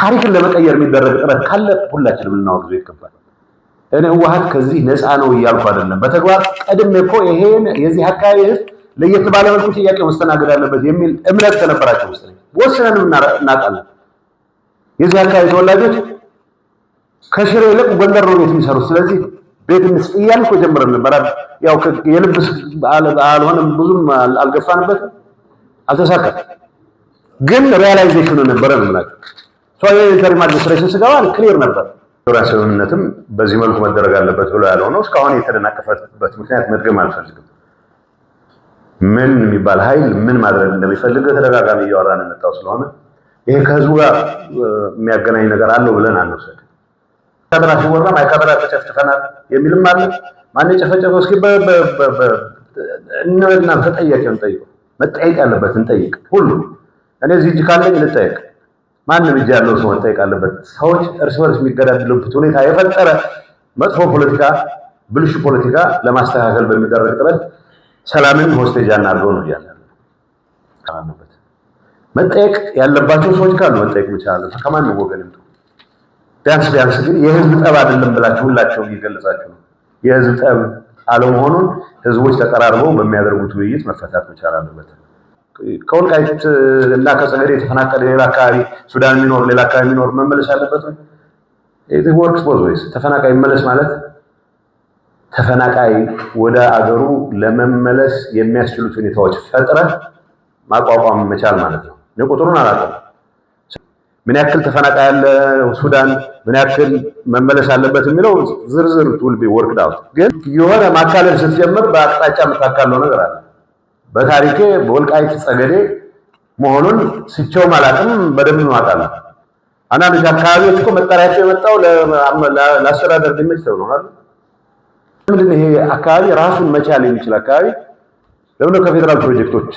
ታሪክን ለመቀየር የሚደረግ ጥረት ካለ ሁላችንም ልናወግዘው ይገባል። እኔ ህወሓት ከዚህ ነፃ ነው እያልኩ አይደለም። በተግባር ቀድሜ እኮ ይሄን የዚህ አካባቢ ህዝብ ለየት ባለ መልኩ ጥያቄ መስተናገድ አለበት የሚል እምነት ከነበራቸው ውስጥ ወስነንም እናውቃለን። የዚህ አካባቢ ተወላጆች ከሽሬ ይልቅ ጎንደር ነው ቤት የሚሰሩት። ስለዚህ ቤት ምስ እያልኩ ጀምረን ነበር። ያው የልብስ አልሆነም፣ ብዙም አልገፋንበትም፣ አልተሳካም። ግን ሪያላይዜሽኑ ነበረ ነው የምላቸው ኢንተሪም አድሚኒስትሬሽን ስገባ ክሊር ነበር። ራ ስምምነትም በዚህ መልኩ መደረግ አለበት ብሎ ያለው ነው። እስካሁን የተደናቀፈበት ምክንያት መድገም አልፈልግም። ምን የሚባል ኃይል ምን ማድረግ እንደሚፈልግ ተደጋጋሚ እያወራን የመጣው ስለሆነ ይሄ ከህዝቡ ጋር የሚያገናኝ ነገር አለው ብለን አንወሰድ። ከበራ ሲወራ ማይከበራ ተጨፍጭፈናል የሚልም አለ። ማን የጨፈጨፈው? እስኪ እንበልና ተጠያቂውን ጠይቁ። መጠየቅ ያለበት እንጠይቅ። ሁሉ እኔ እዚህ እጅ ካለኝ ልጠየቅ ማንም እጅ ያለው ሰው መጠየቅ አለበት። ሰዎች እርስ በርስ የሚገዳደሉበት ሁኔታ የፈጠረ መጥፎ ፖለቲካ፣ ብልሹ ፖለቲካ ለማስተካከል በሚደረግ ጥረት ሰላምን ሆስቴጅ አናድርገው ነው እያለ መጠየቅ ያለባቸው ሰዎች ካሉ መጠየቅ ይችላሉ። ከማንም ወገን ቢያንስ ቢያንስ ግን የህዝብ ጠብ አይደለም ብላችሁ ሁላቸው እየገለጻችሁ ነው። የህዝብ ጠብ አለመሆኑን ህዝቦች ተቀራርበው በሚያደርጉት ውይይት መፈታት መቻል አለበት። ከወልቃይት እና ከጸገዴ የተፈናቀለ ሌላ አካባቢ ሱዳን የሚኖር ሌላ አካባቢ የሚኖር መመለስ ያለበት ወርክ ቦዝ ወይስ ተፈናቃይ መመለስ ማለት ተፈናቃይ ወደ አገሩ ለመመለስ የሚያስችሉት ሁኔታዎች ፈጥረ ማቋቋም መቻል ማለት ነው። ቁጥሩን አላውቅም። ምን ያክል ተፈናቃይ ያለ ሱዳን ምን ያክል መመለስ አለበት የሚለው ዝርዝር ቱል ቢ ወርክድ አውት ግን የሆነ ማካለል ስትጀምር በአቅጣጫ የምታካለው ነገር አለ። በታሪኬ በወልቃይት ጸገዴ መሆኑን ስቸው አላውቅም። በደንብ ማውቃለሁ። አንዳንዶች አካባቢዎች እኮ መጠሪያቸው የመጣው ለአስተዳደር ድመች ተብሎ ነው። ምንድን ይሄ አካባቢ ራሱን መቻል የሚችል አካባቢ ለምን ከፌዴራል ፕሮጀክቶች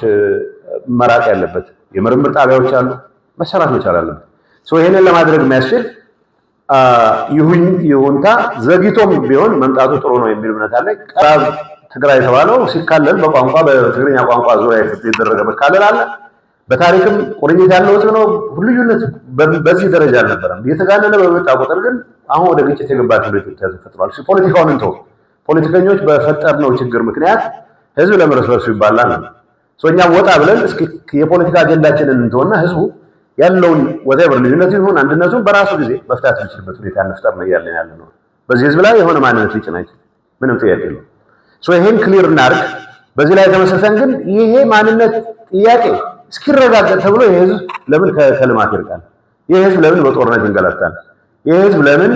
መራቅ ያለበት? የምርምር ጣቢያዎች አሉ፣ መሰራት መቻል አለበት። ይህንን ለማድረግ የሚያስችል ይሁንታ ዘግይቶም ቢሆን መምጣቱ ጥሩ ነው የሚል እምነት አለኝ። ትግራይ የተባለው ሲካለል በቋንቋ በትግርኛ ቋንቋ ዙሪያ የተደረገ መካለል አለ። በታሪክም ቁርኝት ያለው ህዝብ ነው። ልዩነት በዚህ ደረጃ አልነበረም። እየተጋነነ በመጣ ቁጥር ግን አሁን ወደ ግጭት የገባቸው ኢትዮጵያ ተፈጥሯል። ፖለቲካውን እንተው። ፖለቲከኞች በፈጠርነው ችግር ምክንያት ህዝብ ለመርስ ይባላል። እኛም ወጣ ብለን እስኪ የፖለቲካ አጀንዳችንን እንተውና ህዝቡ ያለውን ወዘብር ልዩነት ይሁን አንድነቱን በራሱ ጊዜ መፍታት የሚችልበት ሁኔታ እንፍጠር ነው እያለን ያለ ነው። በዚህ ህዝብ ላይ የሆነ ማንነት ሊጭን አይችልም። ምንም ጥያቄ ነው። ይህን ክሊር እናርግ። በዚህ ላይ የተመሰሰን ግን ይሄ ማንነት ጥያቄ እስኪረጋገጥ ተብሎ ይህ ህዝብ ለምን ከልማት ይርቃል? ይህ ህዝብ ለምን በጦርነት ይንገላታል? ይህ ህዝብ ለምን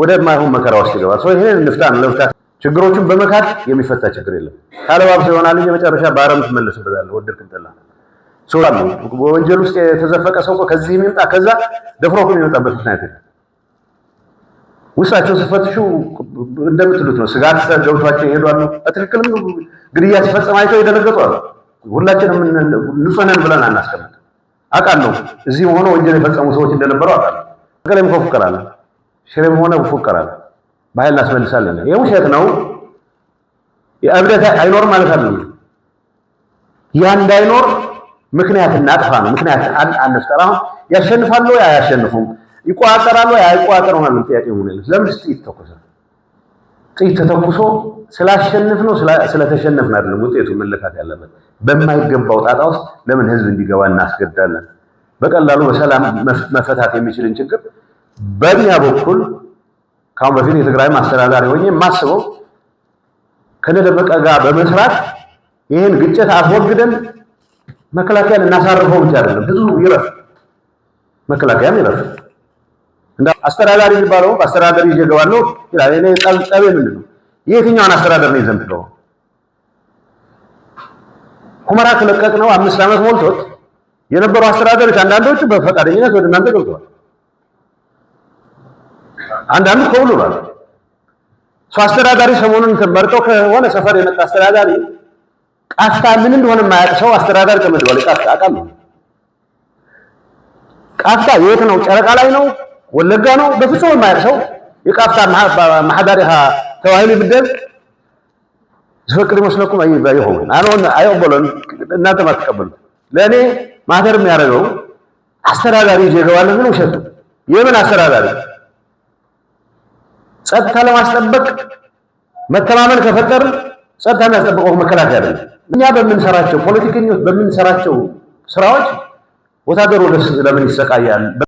ወደማይሆን መከራ ውስጥ ይገባል? ይህን እንፍታ ለመፍታት ችግሮቹን በመካድ የሚፈታ ችግር የለም። ካለባብሶ ይሆናል እንጂ መጨረሻ በአረም ትመለስበታለህ። ወደድክ ጠላ በወንጀል ውስጥ የተዘፈቀ ሰው ከዚህ የሚመጣ ከዛ ደፍሮ የሚመጣበት ምክንያት የለም። ውስጣቸው ስትፈትሹ እንደምትሉት ነው። ስጋት ገብቷቸው ይሄዷሉ። በትክክልም ግድያ ሲፈጸም አይተው የደነገጡ አሉ። ሁላችንም ንጹህ ነን ብለን አናስቀምጥ። አውቃለሁ እዚህ ሆኖ ወንጀል የፈጸሙ ሰዎች እንደነበረው አውቃለሁ። መቀሌም እኮ ፉከራለ ሽሬም ሆነ ፉከራ አለ። በኃይል እናስመልሳለን። ይህ ውሸት ነው። የእብደት አይኖር ማለት አለ። ያ እንዳይኖር ምክንያት እናጥፋ ነው። ምክንያት አንፍጠር። አሁን ያሸንፋሉ አያሸንፉም፣ ይቆጣጠራሉ አያቆጣጠሩም። ጥያቄ ሆነ ለምን ስትይት ተኮሰ ጥይት ተተኩሶ ስላሸንፍ ነው ነው አይደለም ውጤቱ መለካት ያለበት። በማይገባው ጣጣ ውስጥ ለምን ህዝብ እንዲገባ እናስገዳለን? በቀላሉ በሰላም መፈታት የሚችልን ችግር በእኛ በኩል ከአሁን በፊት የትግራይም አስተዳዳሪ ሆኜ የማስበው ከነደበቀ ጋር በመስራት ይህን ግጭት አስወግደን መከላከያን እናሳርፈው ብቻ አይደለም፣ ህዝቡ ይረፍ፣ መከላከያም ይረፍ። አስተዳዳሪ የሚባለው በአስተዳዳሪ ይዤ እገባለሁ ይላል። እኔ ጠቤ ምንድን ነው? የትኛውን አስተዳደር ነው የዘንድለው? ሁመራ ከለቀቅ ነው አምስት ዓመት ሞልቶት የነበሩ አስተዳደሮች አንዳንዶቹ በፈቃደኝነት ወደ እናንተ ገብተዋል። አንዳንዱ ከውሉ ነው። ሰው አስተዳዳሪ ሰሞኑን መርጠው ከሆነ ሰፈር የመጣ አስተዳዳሪ ቃፍታ ምን እንደሆነ የማያውቅ ሰው አስተዳዳሪ ተመድቧል። ቃፍታ አቃም ቃፍታ የት ነው? ጨረቃ ላይ ነው ወለጋ ነው በፍጹም የማያርሰው የቃፍታ ማህዳሪሃ ተዋህል ይብደል ዝፈቅድ ይመስለኩም አይሆን አሁን አይቀበሉን፣ እናንተም አትቀበሉት። ለእኔ ማህደር የሚያደርገው አስተዳዳሪ ይዤ እገባለሁ ውሸት የምን አስተዳዳሪ? ጸጥታ ለማስጠበቅ መተማመን ከፈጠር ጸጥታ የሚያስጠብቀው መከላከያ አይደለም። እኛ በምንሰራቸው ፖለቲከኞች በምንሰራቸው ስራዎች ወታደሩ ለምን ይሰቃያል?